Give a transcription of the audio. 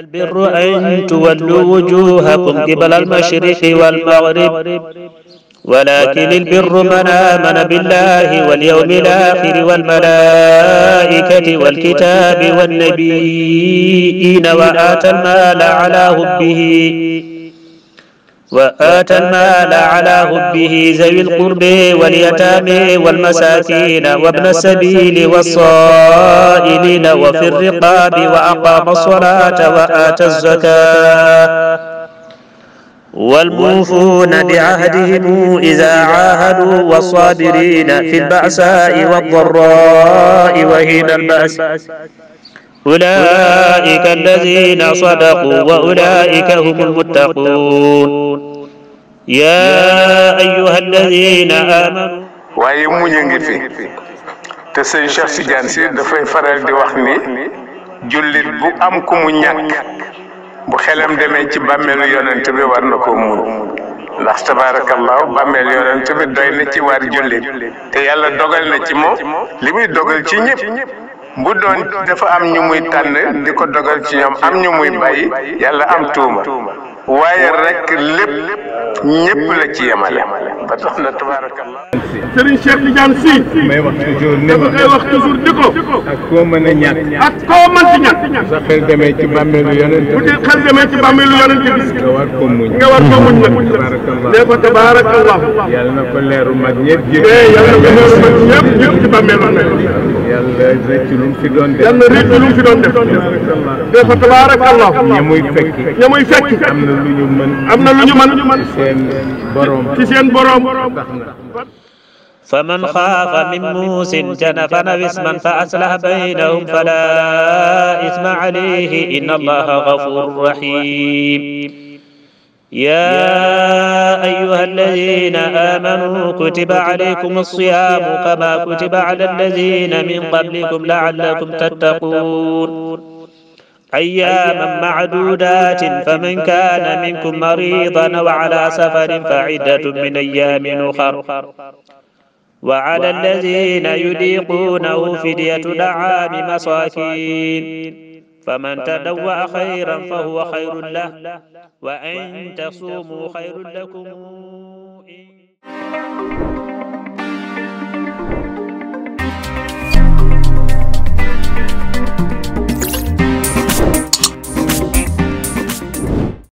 البر أن تولوا وجوهكم قبل المشرق والمغرب ولكن البر من آمن بالله واليوم الآخر والملائكة والكتاب والنبيين وآتى المال على حبه وآتى المال على حبه ذوي القرب واليتامى والمساكين وابن السبيل والصائلين وفي الرقاب وأقام الصلاة وآتى الزكاة والموفون بعهدهم إذا عاهدوا والصابرين في البأساء والضراء وهين البأس أولئك الذين صدقوا وأولئك هم المتقون يا أيها الذين آمنوا waaye muñ a ngi fi te sëñ Cheikh Tidiane Sy dafay faral di wax ni jullit bu am ku mu ñàkk bu xelam demee ci bàmmeelu yonent bi war na ko ndax yonent bi doyna ci war jullit te yalla dogal na ci mo limuy dogal ci ñepp bu doon dafa am ñu muy tànn di ko dogal ci ñoom am ñu muy bàyyi yàlla am tuuma waaye rek lépp ñëpp la ci yemale ba tax na tabaarakallah Serigne Cheikh may wax toujours ni ma koy wax toujours di ko ak koo mën ñàkk ak koo mën ñàkk xel demee ci bàmmeelu yonent bu dee xel demee ci nga war ko muñ nga war ko muñ nag tabaarakallah nee ko tabaarakallah yàlla na ko leeru mag ñëpp eh, yàlla na ko leeru mag ñëpp ñëpp ci bàmmeelu rëccu lu mu fi doon def yàlla rëccu lu mu fi doon def dafa tabaarakallah ña muy fekki ña muy fekki am na lu ñu mën am na lu ñu mën seen borom ci seen borom فمن خاف من موس جنفا واسما فأصلح بينهم فلا إثم عليه إن الله غفور رحيم يا أيها الذين آمنوا كتب عليكم الصيام كما كتب على الذين من قبلكم لعلكم تتقون أياما معدودات فمن كان منكم مريضا وعلى سفر فعدة من أيام أخر وعلى الذين يليقونه فدية دعام مساكين فمن تدوع خيرا فهو خير له وأن تصوموا خير لكم